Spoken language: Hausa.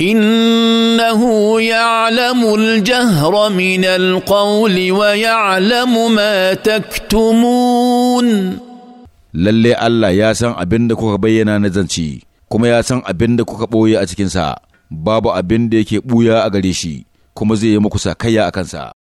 انه يعلم الجهر من القول ويعلم ما تكتمون lalle Allah ya san abin da kuka bayyana na zance kuma ya san abin da kuka ɓoye a cikinsa babu abin da yake ɓuya a gare shi kuma zai yi muku sakayya a kansa